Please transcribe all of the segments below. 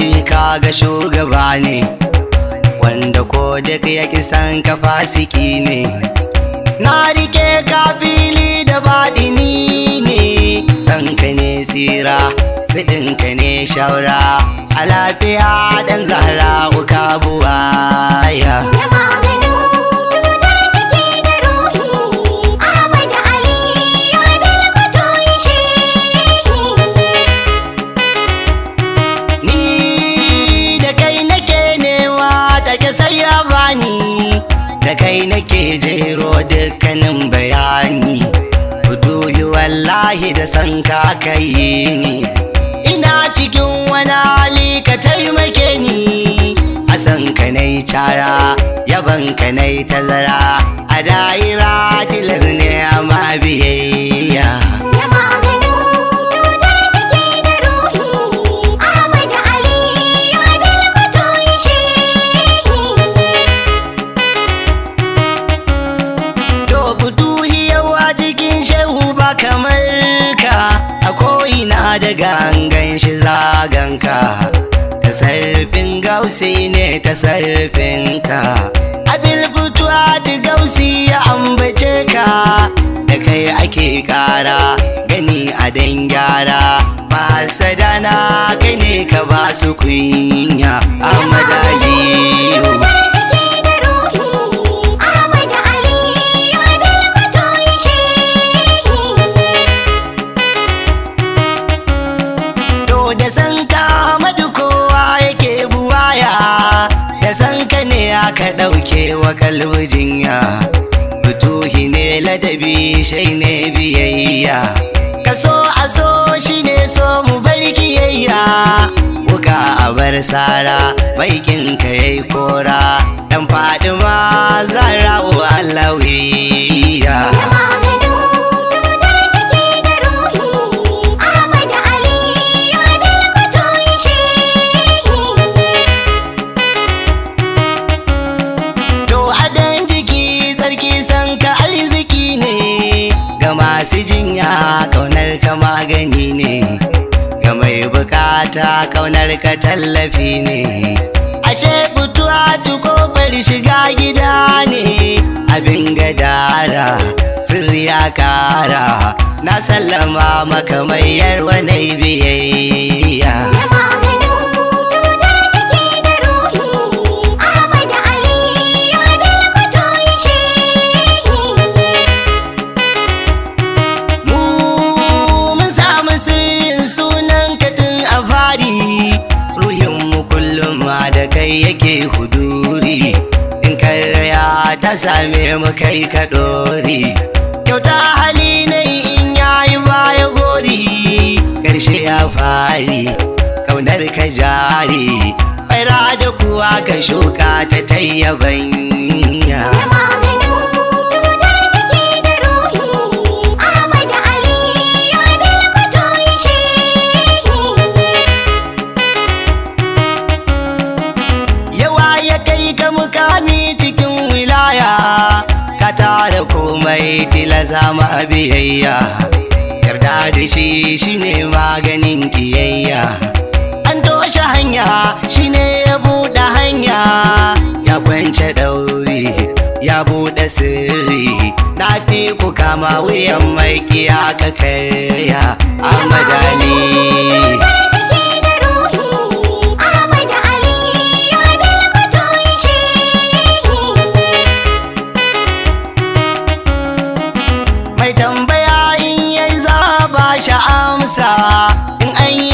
ji kaga shugaba ne wanda ko duk ya kisan ka fasiki ne na rike ka fili da baɗini ne san ka ne tsira sidin ka ne shaura a lafiya dan zahra uka buwaya kai nake jero dukkanin bayani buduyi wallahi da san ka kai ni ina cikin wani hali ka taimake ni a san ka nai cara yaban ka nai tazara a da'ira tilas ne amma biyayya daga an gan shi zaganka sarfin gausi ne ta sarfin ka abil gutuwa da gausi ya ambace ka da kai ake kara gani a dan gyara ba sadana kai ne ka ba su kunya amada sara baikin ka yayi mata kaunar ka tallafi ne ashe fituwa kofar shiga gida ne abin gadara sirri ya kara na sallama maka mai yarwa na biyayya ka same mu kai ka dori kyauta hali ne in yayi baya gori karshe ya fari kaunar ka jari faira da kuwa ka shuka ta tayyabanya mai zama biyayya yarda da shi shine maganin kiyayya an toshe hanya shine ya buɗe hanya ya kwance ɗauri ya buɗe sirri na ku kama wuyan mai kiya ka karya amadani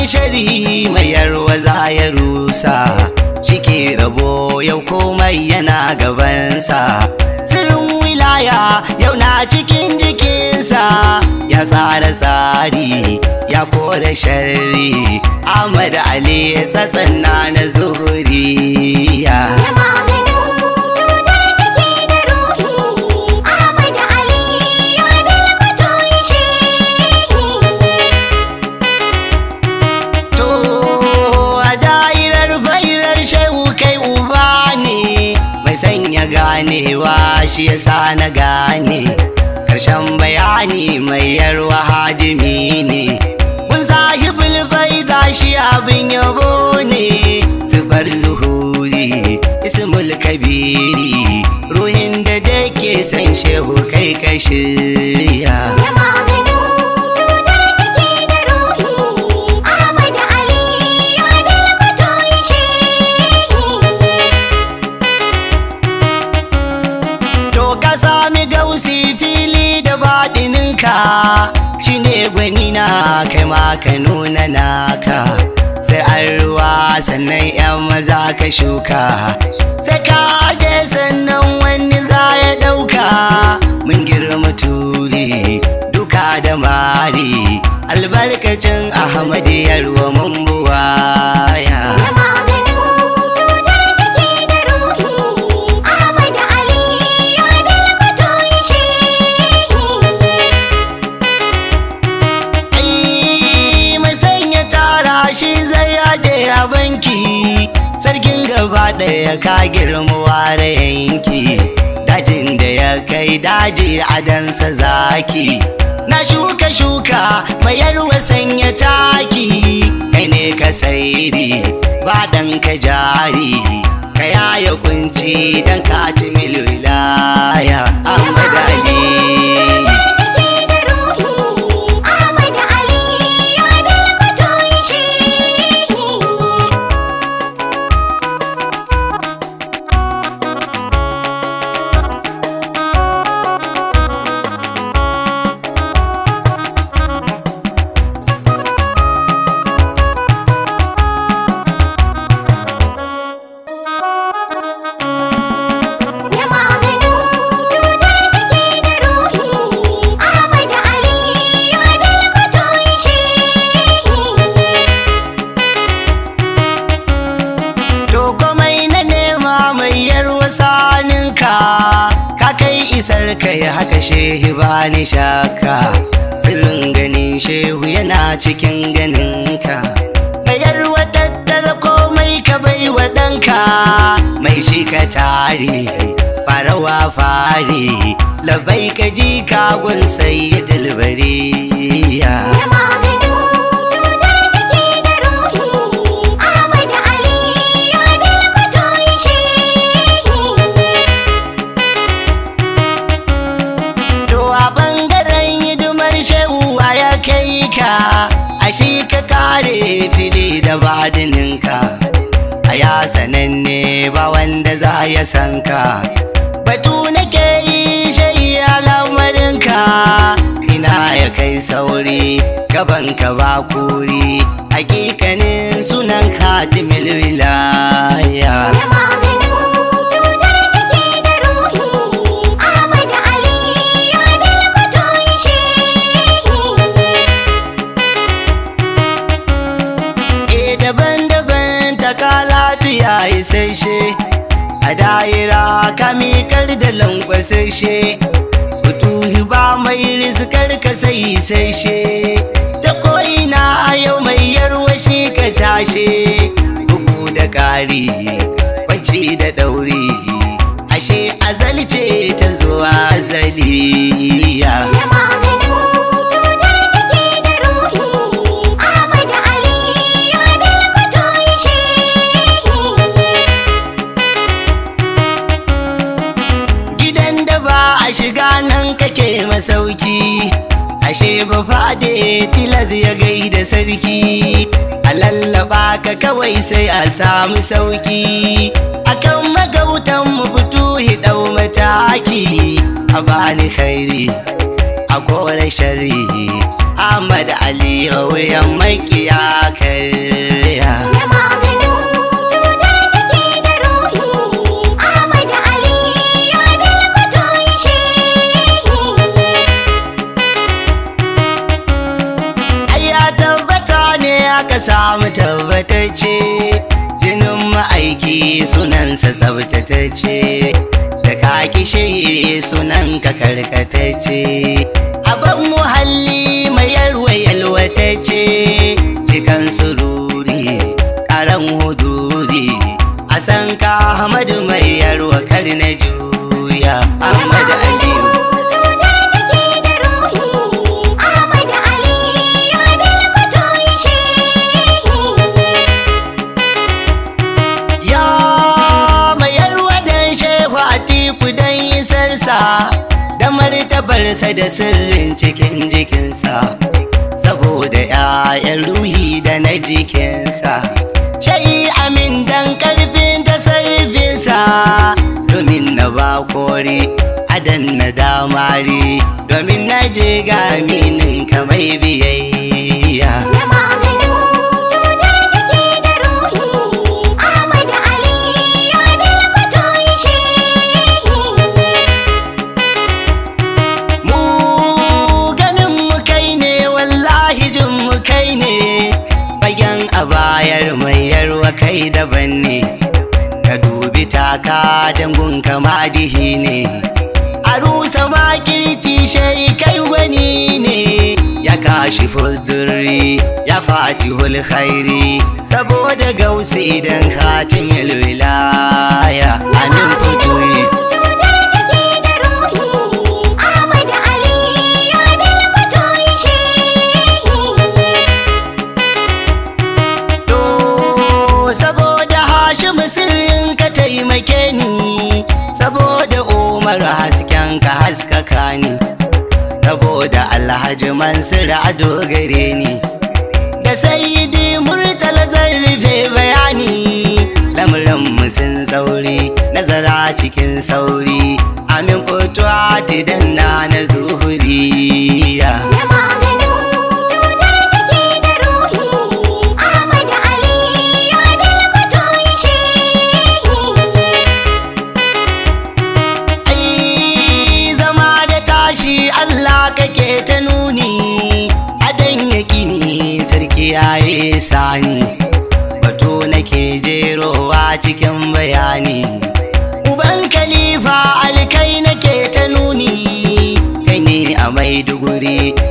shari mai yarwa za ya rusa shike rabo yau komai yana gabansa sirrin wilaya yau na cikin jikinsa ya tsara tsari ya kore shari, Ahmad Ali sassan na zuhuri ya shi yasa na gane karshen bayani mai yarwa hadimi ne kun bulbai da shi abin yabo ne sifar zuhuri ismul kabiri ruhin da dake san shehu kai ka shirya gwani na kai ma ka nuna naka sai an ruwa sannan yan maza ka shuka sai ka je sannan wani za ya ɗauka daji a dansa zaki na shuka shuka bayarwa sanya taki kai ne ka sairi ba dan ka jari ka yaya kunci dan ka ci milwilaya amma ali ka sirrin ganin shehu yana cikin ganinka bayar wadaddar komai ka bai wa mai shi ka tare farawa fare labai ka ji kagun sai ya dalbari ya san batu nake yi shayi al'amarinka ina ya kai sauri gaban ka ba kuri hakikanin sunan katimil wilaya eh, daban-daban ta ka lafiya isasshe daira ka miƙar da lankwasashe Kutuhi ba mai rizikar ka sai sashe Ta ko'ina a yau mai yarwashi ka tashe Bugu da ƙari, kwanci da ɗauri Ashe azalce ta zuwa azali ne eh, tilas ya gaida sarki a lallaba ka kawai sai a samu sauki akan magautan mu fituhi ɗau mataki a bani khairi a kore shari Ahmad Ali a makiya kai shi sunansa ce da ka ki shi sunanka karkatacce a ban muhalli 'yan ruhi da na jikinsa shai amin dan karfin da sarfinsa domin na ba kori adan na damari domin na je gaminin minin kamar biyayya kai daban ne ka dubi taka dangun kama dihi ne a rusa makirci shai kai wani ne ya kashi fulduri ya fati khairi saboda gausi idan hatimil wilaya ka haskaka ni saboda alhaji mansur a dogare ni da sayidi murtala zan rufe bayani Lamuran sun sauri nazara cikin sauri amin fito a danna na na zuhuriya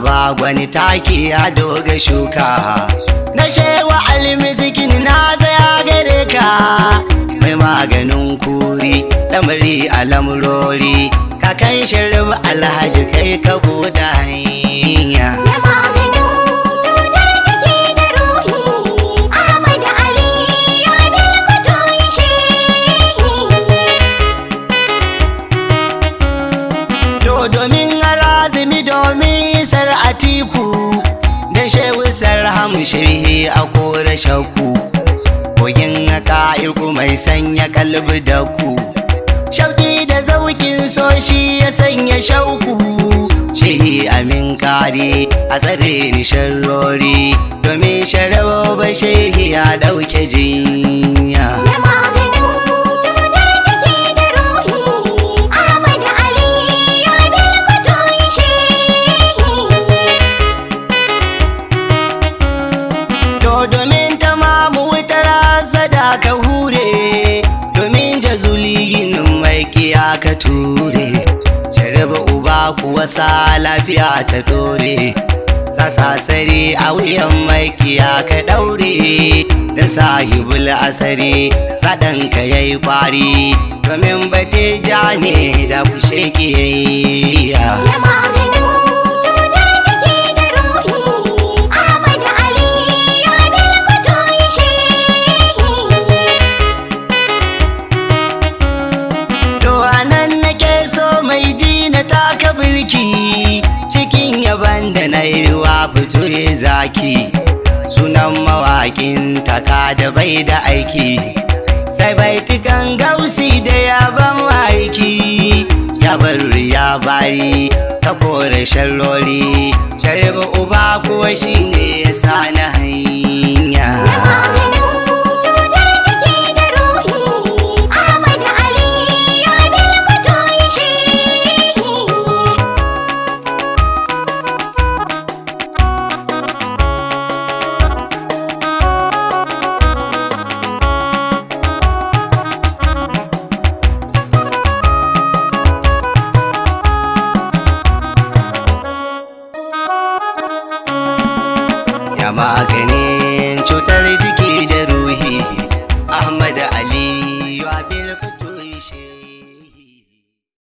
ba gwani taki a doga shuka na shewa almizikin na zaya gare ka mai maganin kuri lamari a lamurori kakan shirin alhaji kai ka buɗa hanya sharhi a kore shakku kogin ka'iku mai sanya kalbi da ku shauki da zaukin so shi ya sanya shauku shehi amin kare a tsare ni sharrori domin sharabo ba shehi ya dauke jini Ture, jaraba uba kuwa sa lafiya ta dore sasasari a wuyan maikiya ka daure da sahibul asari sadanka ya yi kwari domin bate ja ne da kushe ke yi kirki cikin yaban da na yi wa ya zaki sunan mawaƙin taka da bai da aiki sai bai kan gausi da yaban aiki ya bar ya bari ta kore shalloli sharibu uba kuwa ne ya sa na hanya